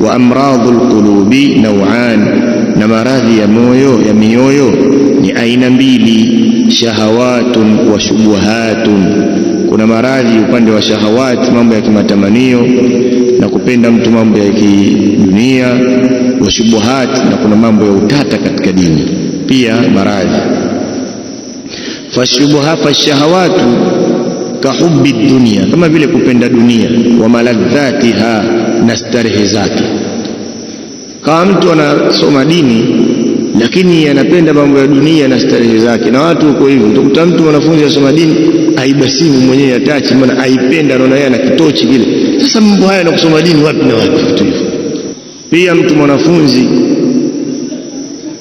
wa amradhu lqulubi nauan, na maradhi ya moyo ya mioyo ni aina mbili, shahawatun wa shubuhatun. Kuna maradhi upande wa shahawati, mambo ya kimatamanio na kupenda mtu mambo ya kidunia, wa shubuhati, na kuna mambo ya utata katika dini pia maradhi. Fashubuha fashahawatu kahubi dunia, kama vile kupenda dunia, wa maladhatiha na starehe zake. Kama mtu anasoma dini lakini anapenda mambo ya dunia na starehe zake, na watu huko hivyo. Utakuta mtu mwanafunzi anasoma dini, aiba simu mwenyewe atachi, maana aipenda, anaona yeye ana kitochi kile. Sasa mambo haya na kusoma dini wapi na wapi, vitu hivyo. Pia mtu mwanafunzi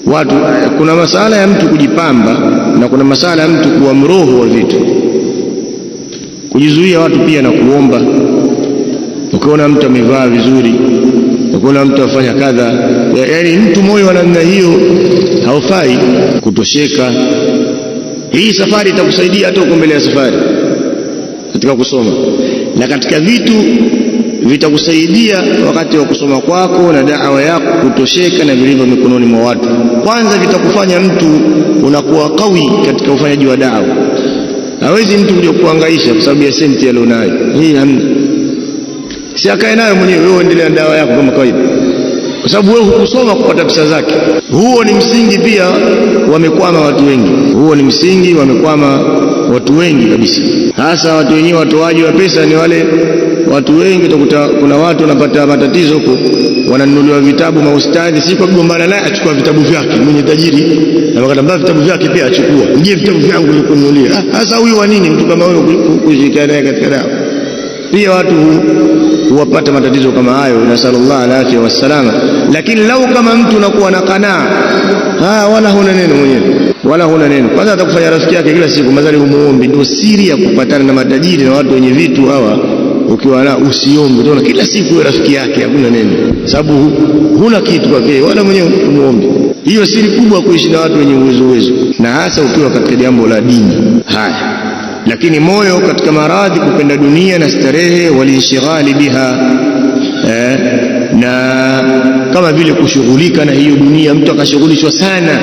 watu, kuna masala ya mtu kujipamba na kuna masala ya mtu kuwa mroho wa vitu, kujizuia watu pia na kuomba ukiona mtu amevaa vizuri, ukiona mtu afanya kadha, yaani mtu moyo wa namna hiyo haufai kutosheka. Hii safari itakusaidia hata uko mbele ya safari katika kusoma na katika vitu vitakusaidia wakati wa kusoma kwako na daawa yako, kutosheka na vilivyo mikononi mwa watu. Kwanza vitakufanya mtu unakuwa kawi katika ufanyaji wa daawa. Hawezi mtu kuja kukuhangaisha kwa sababu ya senti alionayo, hii hamna si akae nayo mwenyewe, wewe endelea na dawa yako kama kawaida, kwa sababu wewe hukusoma kupata pesa zake. Huo ni msingi pia, wamekwama watu wengi. Huo ni msingi, wamekwama watu wengi kabisa, hasa watu wenyewe watoaji wa pesa ni wale watu wengi. Utakuta kuna watu wanapata matatizo huko, wananunuliwa vitabu maustadhi, si kwa kugombana naye, achukua vitabu vyake mwenye tajiri, na wakatambaa vitabu vyake pia achukua, ngie vitabu vyangu nikununulia. Ah, hasa huyu wa nini mtu kama wewe kushirikiana naye katika dawa pia watu huwapata matatizo kama hayo, nasallallahu alafia wassalama. Lakini lau kama mtu unakuwa na kanaa, wala huna neno mwenyewe, wala huna neno kwanza, atakufanya rafiki yake kila siku, mazali umuombi Ndio siri ya kupatana na matajiri na watu wenye vitu hawa ukiwa na usiombe, utaona kila siku rafiki yake hakuna neno, sababu huna kitu kwake, wala mwenyewe umuombe. Hiyo siri kubwa kuishi na watu wenye uwezo uwezo, na hasa ukiwa katika jambo la dini. Haya lakini moyo katika maradhi, kupenda dunia na starehe, walinshighali biha eh, na kama vile kushughulika na hiyo dunia, mtu akashughulishwa sana,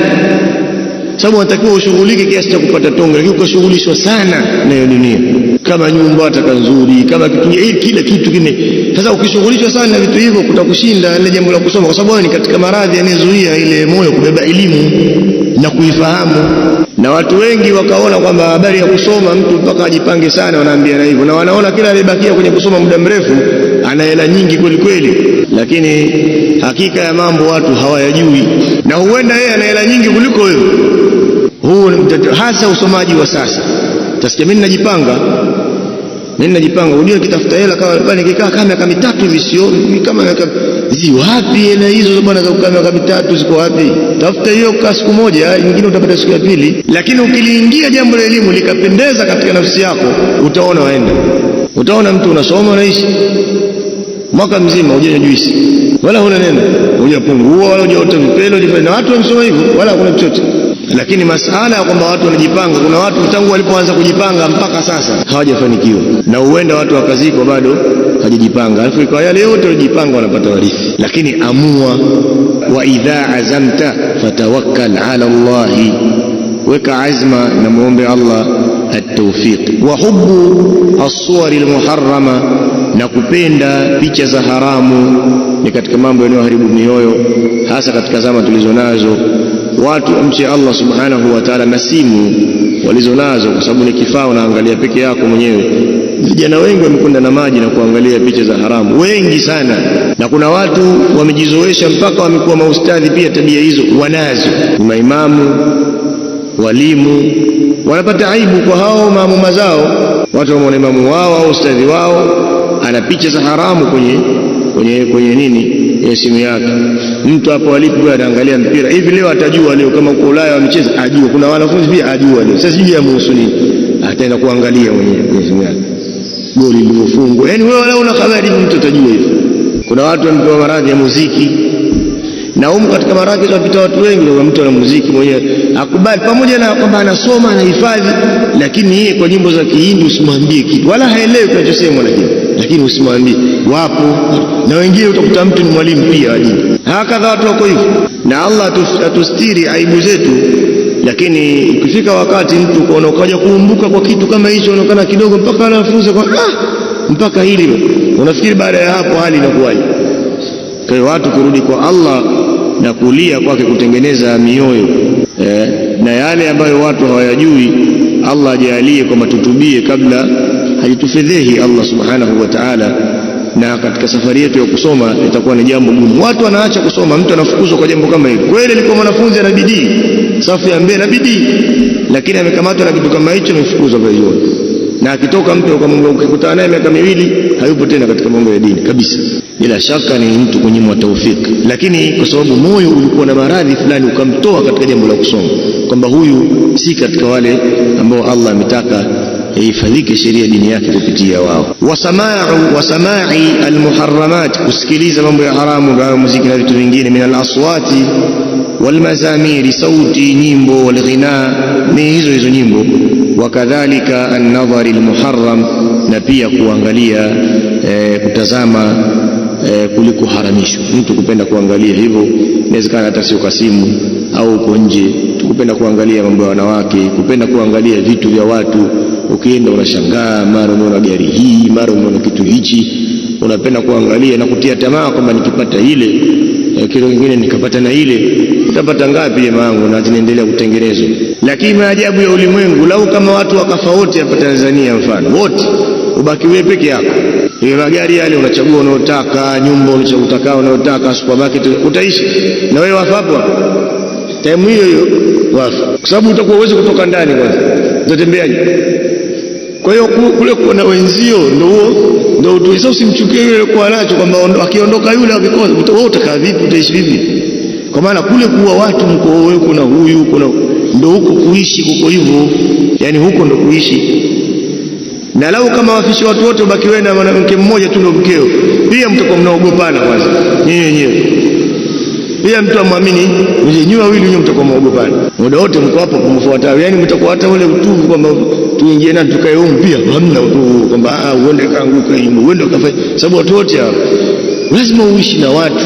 sababu anatakiwa ushughulike kiasi cha kupata tonge, lakini ukashughulishwa sana na hiyo dunia kama nyumba taka nzuri, kama kitu eh, kile kitu kingine. Sasa ukishughulishwa sana na vitu hivyo, kutakushinda ile jambo la kusoma, kwa sababu ni katika maradhi yanayozuia ile moyo kubeba elimu na kuifahamu. Na watu wengi wakaona kwamba habari ya kusoma mtu mpaka ajipange sana, wanaambia na hivyo, na wanaona kila aliyebakia kwenye kusoma muda mrefu ana hela nyingi kweli kweli, lakini hakika ya mambo watu hawayajui, na huenda yeye ana hela nyingi kuliko wewe. Huu hasa usomaji wa sasa, tasikia mimi najipanga mimi najipanga unio kitafuta hela kama pale nikikaa kama miaka mitatu hivi sio kama miaka zi wapi hela hizo bwana za kukaa miaka mitatu ziko wapi? Tafuta hiyo kwa siku moja, nyingine utapata siku ya pili. Lakini ukiliingia jambo la elimu likapendeza katika nafsi yako, utaona waenda. Utaona mtu unasoma unaishi mwaka mzima hujanywa juisi wala huna neno, hujapungua wala hujaota vipele, hujafanya na watu wamsoma hivyo wala hakuna chochote. Lakini masala ya kwamba watu wanajipanga, kuna watu tangu walipoanza kujipanga mpaka sasa hawajafanikiwa, na huenda watu wakazikwa bado hajajipanga, alafu kwa yale yote walijipanga wanapata warithi. Lakini amua, wa idha azamta fatawakkal ala Allahi, weka azma na muombe Allah at-tawfiq. Wa hubbu as-suwari al-muharrama, na kupenda picha za haramu ni katika mambo yanayoharibu mioyo, hasa katika zama tulizo nazo watu wamche Allah subhanahu wa ta'ala na simu walizonazo, kwa sababu ni kifaa unaangalia peke yako mwenyewe. Vijana wengi wamekwenda na maji na kuangalia picha za haramu, wengi sana, na kuna watu wamejizoesha mpaka wamekuwa maustadhi pia. Tabia hizo wanazo, ni maimamu, walimu, wanapata aibu kwa hao maamuma zao. Watu wamwona imamu wao au ustadhi wao ana picha za haramu kwenye kwenye, kwenye nini ya simu yake. Mtu hapo alipo anaangalia mpira hivi, leo atajua leo kama uko Ulaya wamecheza, ajua kuna wanafunzi pia ajua leo. Sasa sijui amuhusu nini, ataenda kuangalia mwenyewe simu yake goli lilofungwa. Yani wewe wala una habari, mtu atajua hivyo. Kuna watu wamepewa maradhi ya muziki na humu katika maradhi tunapita watu wengi, na mtu ana muziki mwenyewe akubali, pamoja na kwamba anasoma anahifadhi, lakini yeye kwa nyimbo za Kihindi usimwambie kitu, wala haelewi kinachosemwa lakini lakini usimwambie. Wapo na wengine, utakuta mtu ni mwalimu pia wa dini. Hakadha watu wako hivyo, na Allah atustiri aibu zetu. Lakini ukifika wakati mtu ukaona ukaja kuumbuka kwa kitu kama hicho, unaonekana kidogo mpaka anafunza kwa ah, mpaka hili unafikiri, baada ya hapo hali inakuwaje? Kwa hiyo watu kurudi kwa Allah na kulia kwake kutengeneza mioyo eh, na yale ambayo watu hawayajui Allah ajalie kwamba tutubie kabla haitufedhehi Allah subhanahu wa ta'ala. Na katika safari yetu ya kusoma itakuwa ni jambo gumu, watu wanaacha kusoma, mtu anafukuzwa kwa jambo kama hili. Kweli alikuwa mwanafunzi ana bidii, safu ya mbele na bidii, lakini amekamatwa na kitu kama hicho, amefukuzwa kwa hiyo, na akitoka mtu ukamwambia, ukikutana naye miaka miwili hayupo tena katika mambo ya dini kabisa. Bila shaka ni mtu kunyimwa taufiki, lakini kwa sababu moyo ulikuwa na maradhi fulani, ukamtoa katika jambo la kusoma, kwamba huyu si katika wale ambao Allah ametaka yaifadhike sheria dini yake kupitia wao. Wasamau wasamai almuharramat, kusikiliza mambo ya haramu kama muziki na vitu vingine. Min alaswati walmazamiri, sauti, nyimbo. Walghina, ni hizo hizo nyimbo. Wakadhalika annadhari almuharram, na pia kuangalia eh, kutazama eh, kulikuharamishwa. Mtu kupenda kuangalia hivyo, inawezekana hata sio kasimu au uko nje kupenda kuangalia mambo ya wanawake, kupenda kuangalia vitu vya watu. Ukienda unashangaa, mara umeona gari hii, mara umeona kitu hichi, unapenda kuangalia na kutia tamaa kwamba nikipata ile eh, kitu kingine nikapata na ile, utapata ngapi mangu, Na zinaendelea kutengenezwa. Lakini maajabu ya ulimwengu, lau kama watu wakafa wote hapa Tanzania, mfano wote, ubaki wewe peke yako, hiyo magari yale unachagua unayotaka, nyumba unachotaka unayotaka, supermarket, utaishi na wewe hapo taimu hiyo hiyo wafu, kwa sababu utakuwa uwezi kutoka ndani, kwanza utatembeaje? Kwa hiyo kule kuwa na wenzio ndio huo ndio utu. Sasa usimchukie yule alikuwa nacho, kwamba akiondoka yule akikosa, wewe utakaa vipi? Utaishi vipi? Kwa maana kule kuwa watu mko wewe, kuna huyu kuna ndio huko kuishi kuko hivyo, yani huko ndio kuishi. Na lau kama wafishi watu wote, ubaki wewe na mwanamke mmoja tu ndio mkeo, pia mtakuwa mnaogopana kwanza nyinyi wenyewe bila mtu amwamini nyinyi wawili nyewe mtakuwa maogopani muda wote, mko hapo kumfuata, yani mtakuwa hata ule utuvu kwamba tuingie na tukae huko, pia hamna utuvu kwamba ah uende kaanguka hivi, uende ukafanya, sababu watu wote hapo lazima uishi na watu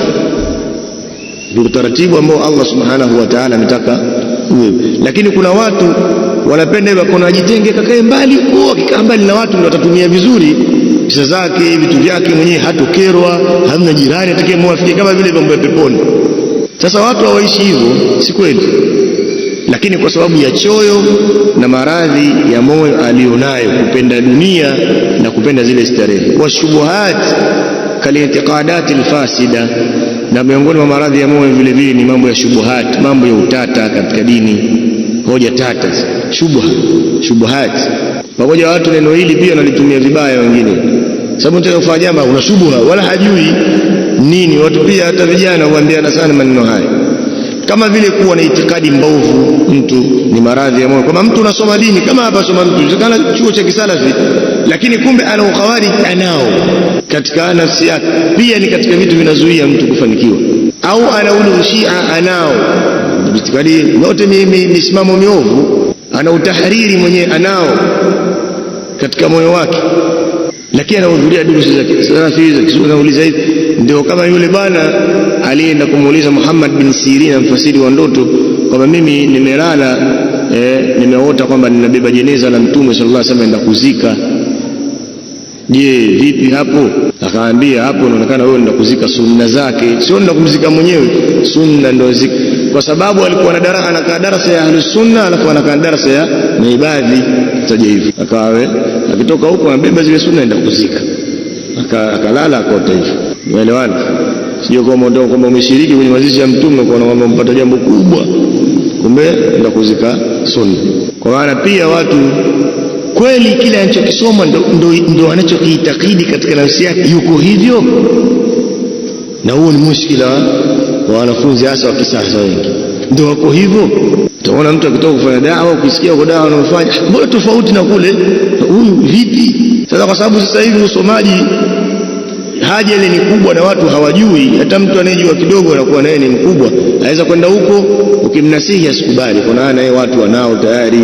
ni utaratibu ambao Allah subhanahu wa ta'ala ametaka uwe. Lakini kuna watu wanapenda hivyo, kuna ajitenge kakae mbali huko, kikaa mbali na watu ndio watatumia vizuri pesa zake vitu vyake mwenyewe, hatokerwa hamna jirani atakayemwafikia, kama vile vyombo vya peponi. Sasa watu hawaishi hivyo, si kweli, lakini kwa sababu ya choyo na maradhi ya moyo aliyonayo, kupenda dunia na kupenda zile starehe, washubuhat kalintiqadati alfasida, na miongoni mwa maradhi ya moyo vile vile ni mambo ya shubuhat, mambo ya utata katika dini, hoja tata, shubha, shubuhat. Pamoja watu neno hili pia wanalitumia vibaya wengine, sababu unataka kufanya jambo una shubha wala hajui nini. Watu pia hata vijana huambiana sana maneno haya, kama vile kuwa na itikadi mbovu mtu ni maradhi ya moyo, kama mtu unasoma dini kama hapa soma mtu kana chuo cha kisalafi, lakini kumbe ana ukhawari anao katika nafsi yake, pia ni katika vitu vinazuia mtu kufanikiwa. Au ana ule ushia anao, itikadi yote misimamo miovu, ana utahariri mwenyewe anao katika moyo wake, lakini anahudhuria durusi za kisalafi za hivi ndio kama yule bwana alienda kumuuliza Muhammad bin Sirin, mfasiri wa ndoto, kwamba mimi nimelala eh, nimeota kwamba ninabeba jeneza la Mtume sallallahu alaihi wasallam, enda kuzika. Je, vipi hapo? Akaambia, hapo inaonekana wewe unaenda kuzika sunna zake, sio unaenda kumzika mwenyewe. Sunna ndio zika, kwa sababu alikuwa na darasa anakaa darasa ya ahli sunna, alafu anakaa darasa ya maibadhi taja hivi, akawe eh, akitoka huko anabeba zile sunna, enda kuzika, akalala akote hivyo Umeelewana? Sio kwamba ndio kwamba umeshiriki kwenye mazishi ya mtume kwa kwamba umepata jambo kubwa, kumbe ndio kuzika sunna. Kwa maana pia watu kweli kile anachokisoma ndio anachokiitakidi katika nafsi yake, yuko hivyo, na huo ni mushkila wa wanafunzi hasa wa kisasa, wengi ndio wako hivyo. Utaona mtu akitoka kufanya dawa, ukisikia kwa dawa anaofanya mbona tofauti na kule huyu, vipi sasa? Kwa sababu sasa hivi usomaji haja ile ni kubwa na watu hawajui. Hata mtu anayejua kidogo anakuwa naye ni mkubwa, anaweza kwenda huko, ukimnasihi asikubali. Kuna naye watu wanao tayari,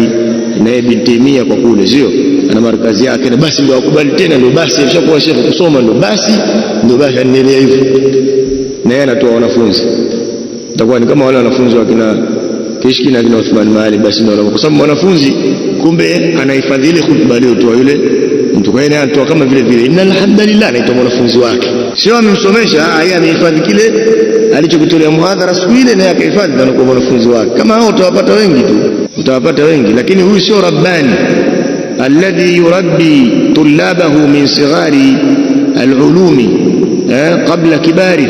naye bintimia kwa kule, sio ana markazi yake, na basi ndio akubali tena, ndio basi ameshakuwa shekhe kusoma, ndio basi, ndio basi anielea hivyo, na yeye anatoa wanafunzi, itakuwa ni kama wale wanafunzi wa kina kishki na kina Uthman Maali, basi ndio, kwa sababu mwanafunzi kumbe anahifadhi ile hutuba aliyotoa yule mtu kaini anatoa kama vile vile, inna alhamdulillah, anaitwa mwanafunzi wake, sio amemsomesha. Yeye amehifadhi kile alichokitolea muhadhara siku ile, naye akahifadhi kwa mwanafunzi wake. Kama hao utawapata wengi tu, utawapata wengi, lakini huyu sio rabbani alladhi yurabbi tulabahu min sighari alulumi eh, qabla kibari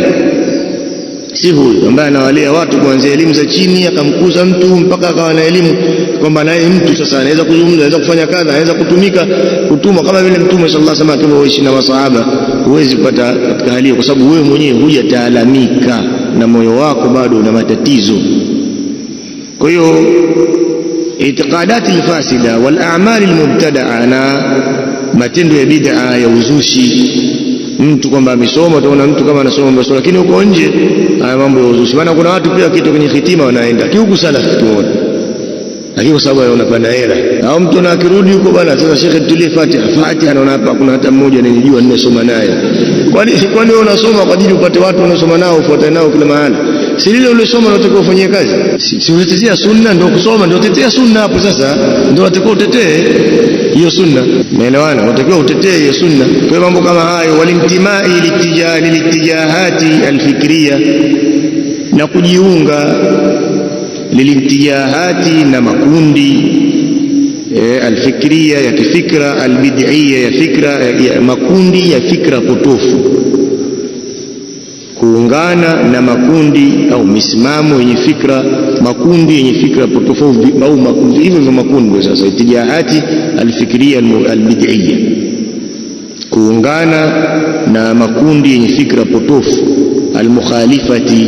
si huyu ambaye anawalea watu kuanzia elimu za chini akamkuza mtu mpaka akawa na elimu kwamba naye mtu sasa anaweza kuzungumza, anaweza kufanya kadha, anaweza kutumika, kutumwa kama vile Mtume sallallahu alaihi wasallam alivyoishi na masahaba. Huwezi kupata katika hali hiyo, kwa sababu wewe mwenyewe hujataalamika na moyo wako bado una matatizo. Kwa hiyo itiqadati alfasida wal a'mal almubtadaa, na matendo ya bid'a ya uzushi mtu kwamba amesoma, utaona mtu kama anasoma masuala, lakini huko nje haya mambo ya uzushi. Maana kuna watu pia kitu kwenye hitima wanaenda kihuku sana, tuona lakini kwa sababu anaona pana hela au mtu na akirudi huko bwana, sasa shekhe, tulie Fatiha. Fatiha anaona hapa kuna hata mmoja ninijua nimesoma naye. Kwani kwani wewe unasoma kwa ajili upate watu unasoma nao ufuate nao kila mahali? Si lile ulisoma unatakiwa ufanyie kazi, si unatetea sunna? Ndio kusoma ndio tetea sunna, hapo sasa ndio unatakiwa utetee hiyo sunna. Umeelewana? Unatakiwa utetee hiyo sunna. Kwa mambo kama hayo, walimtimai litijahati alfikria na kujiunga lilintijahati na makundi e, alfikria ya kifikra, albidia ya fikra ya, makundi ya fikra potofu, kuungana na makundi au misimamo yenye fikra, makundi yenye fikra potofu au makundi hivyo vya makundi. Sasa itijahati alfikria albidia, kuungana na makundi yenye fikra potofu almukhalifati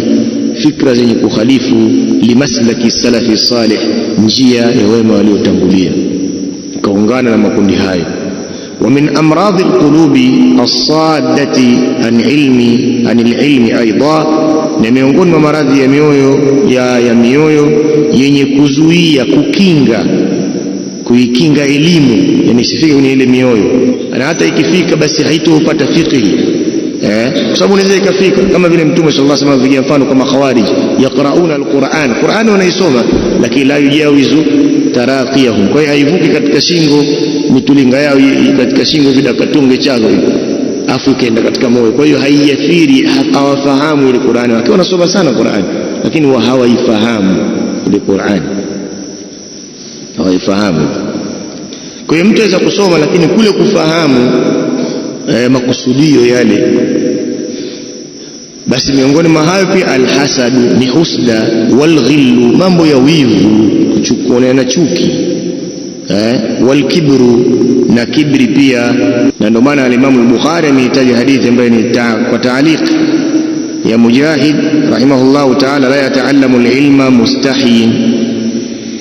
fikra zenye kukhalifu limaslaki salafi salih, njia ya wema waliotangulia, ukaungana na makundi hayo. Wa min amradhi alqulubi assadati an ilmi an alilmi aidha, na miongoni mwa maradhi ya mioyo ya, ya mioyo yenye kuzuia kukinga kuikinga elimu, yani isifike kwenye ile mioyo, na hata ikifika basi haitopata fikhi eh, kwa sababu unaweza ikafika kama vile Mtume sallallahu alaihi wasallam amepigia mfano kwa makhawarij, yaqrauna alquran, Qur'ani wanaisoma, lakini la yujawizu taraqiyahum, kwa hiyo haivuki katika shingo mitulinga yao katika shingo vidakatunge chao afu ikaenda katika moyo. Kwa hiyo haiathiri, hawafahamu ile Qur'ani, wake, wanasoma sana Qur'ani, lakini wa hawaifahamu ile Qur'ani, hawaifahamu. Kwa hiyo mtu aweza kusoma, lakini kule kufahamu eh, makusudio yale. Basi miongoni mwa hayo pia alhasadu ni husda, walghillu mambo ya wivu, kuchukuana na chuki eh, walkibru na kibri pia. Na ndio maana alimamu al-Bukhari ameitaja hadithi ambayo ni kwa taaliki ya Mujahid rahimahullahu taala, la yataalamu alilma mustahiin,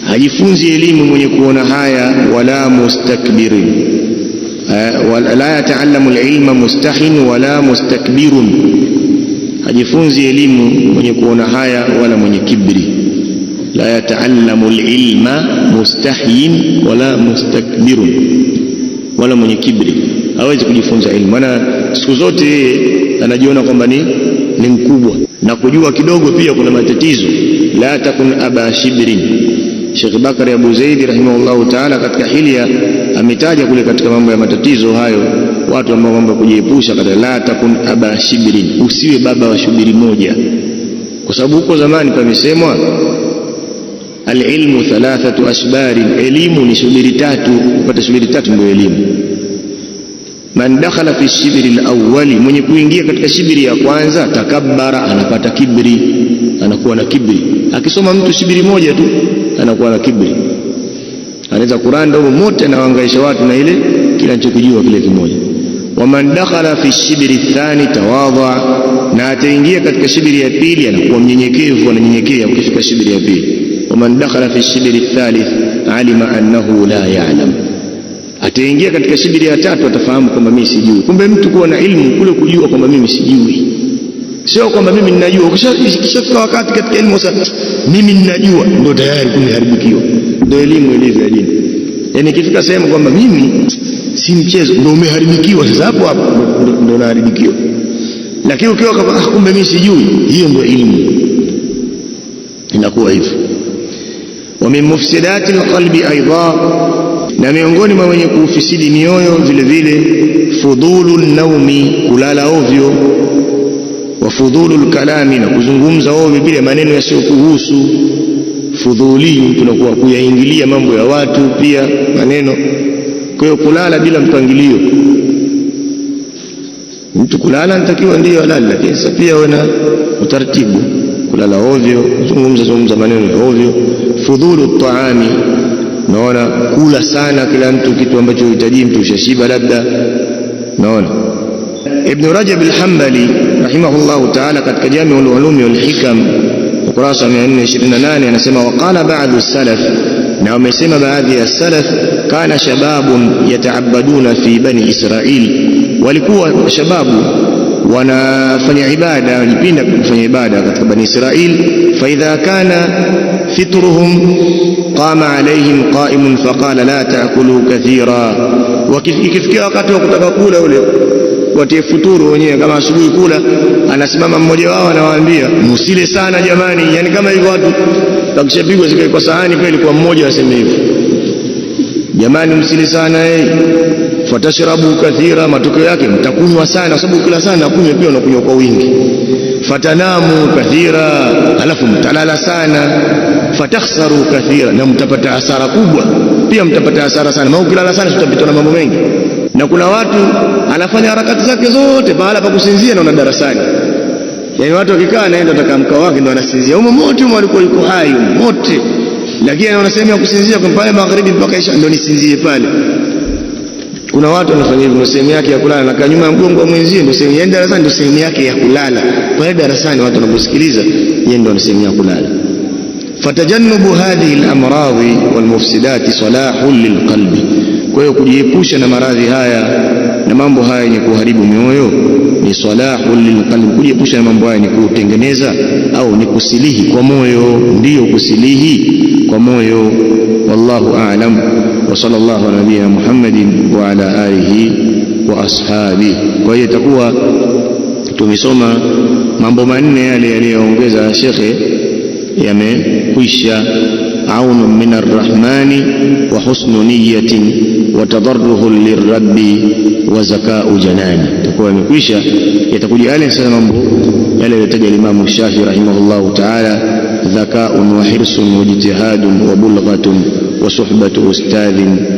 hajifunzi elimu mwenye kuona haya, wala mustakbirin ولا yataallamu alilma mustahin wala mustakbirun hajifunzi elimu mwenye kuona haya wala mwenye kibri la yataallamu alilma mustahyin wala mustakbirun wala mwenye kibri hawezi kujifunza ilmu maana siku zote yeye anajiona kwamba ni ni mkubwa na kujua kidogo pia kuna matatizo la takun aba shibrin Sheikh Bakari Abu Zaidi rahimahullahu taala katika hili ya ametaja kule katika mambo ya matatizo hayo watu ambao mambo ya kujiepusha katika, la takun aba shibrin, usiwe baba wa shubiri moja, kwa sababu huko zamani pamesemwa alilmu thalathatu ashbarin elimu ni shubiri tatu. Upata shubiri tatu ndio elimu. Man dakhala fi shibri alawwali, mwenye kuingia katika shibiri ya kwanza, takabbara, anapata kibri, anakuwa na kibri. Akisoma mtu shibiri moja tu anakuwa na kibri anaweza Qur'an ndio mote na wangaisha watu na ile kila anachokijua kile kimoja. Waman dakhala fi shibri thani tawadha, na ataingia katika shibiri ya pili anakuwa mnyenyekevu, ananyenyekea ukifika shibiri ya pili. Waman dakhala fi shibri thalith alima annahu la ya'lam, ataingia katika shibiri ya tatu atafahamu kwamba mimi sijui. Kumbe mtu kuwa na ilmu kule kujua kwamba mimi sijui, sio kwamba mimi ninajua. Ukishafika wakati katika ilmu sasa, mimi ninajua, ndio tayari kumeharibikiwa ndio elimu ilivyo ya dini. Yaani ikifika sehemu kwamba mimi si mchezo, ndio umeharibikiwa sasa. Hapo hapo ndio unaharibikiwa. Lakini ukiwa kama ah, kumbe mimi sijui, hiyo ndio elimu, inakuwa hivyo. Wa min mufsidati alqalbi aidha, na miongoni mwa wenye kuufisidi mioyo vile vile, fudhulu naumi, kulala ovyo wa fudhulu lkalami, na kuzungumza ovyo bila maneno yasiyokuhusu fudhuli, tunakuwa kuyaingilia mambo ya watu pia maneno. Kwa hiyo kulala bila mpangilio, mtu kulala anatakiwa ndiyo alali, lakini sasa pia wana utaratibu. Kulala ovyo, zungumza zungumza maneno ya ovyo, fudhulu taami naona kula sana kila mtu kitu ambacho uhitaji, mtu ushashiba labda. Naona Ibn Rajab al-Hanbali rahimahullahu ta'ala katika jamiu Ulumi wal Hikam ukurasa wa 428 anasema waqala ba'du salaf na wamesema baadhi ya salaf kana shababun yataabaduna fi bani israil walikuwa shababu wanafanya ibada walipinda kufanya ibada katika bani israil faidha kana fitruhum qama alaihim qaimun faqala la takulu kathira ikifikia wakati wa kutaka kula yule watie futuru wenyewe, kama asubuhi kula, anasimama mmoja wao anawaambia msile sana jamani, yani kama hivyo watu wakishapigwa zikae kwa sahani kweli, kwa mmoja aseme hivyo jamani, msile sana eh, fatashrabu kathira, matokeo yake mtakunywa sana, sababu kila sana kunywa pia unakunywa kwa wingi. Fatanamu kathira, alafu mtalala sana. Fatakhsaru kathira, na mtapata hasara kubwa pia, mtapata hasara sana, maana ukilala sana utapitwa na mambo mengi, na kuna watu anafanya harakati zake zote, pahala pa kusinzia naona darasani. Yani watu wakikaa, naenda taka mkao wake ndo anasinzia humo mote, humo alikuwa yuko hai humo mote, lakini anaona sehemu ya kusinzia kwa pale magharibi mpaka isha ndo nisinzie pale. Kuna watu wanafanya hivyo, sehemu yake ya kulala na kanyuma ya mgongo wa mwenzie ndio sehemu yake yaani darasani, ndio sehemu yake ya kulala pale darasani. Watu wanaposikiliza yeye ndio sehemu ya kulala. Fatajannubu hadhihi al-amradhi wal mufsidati salahun lilqalbi, kwa hiyo kujiepusha na maradhi haya na mambo haya yenye kuharibu mioyo ni salahu lilqalbi. Kujiepusha na mambo haya ni kutengeneza au ni kusilihi kwa moyo, ndiyo kusilihi kwa moyo. Wallahu a'lam wa sallallahu ala nabiyina Muhammadin wa ala alihi wa ashabihi. Kwa hiyo itakuwa tumesoma mambo manne yale yaliyoongeza shekhe yamekwisha. aunu min arrahmani wa husnu niyatin وتضره للرب وزكاء جناني تقول مكويشة يتقول يالي سنة يا يالي يتجي الإمام الشافعي رحمه الله تعالى ذكاء وحرص واجتهاد وبلغة وصحبة أستاذ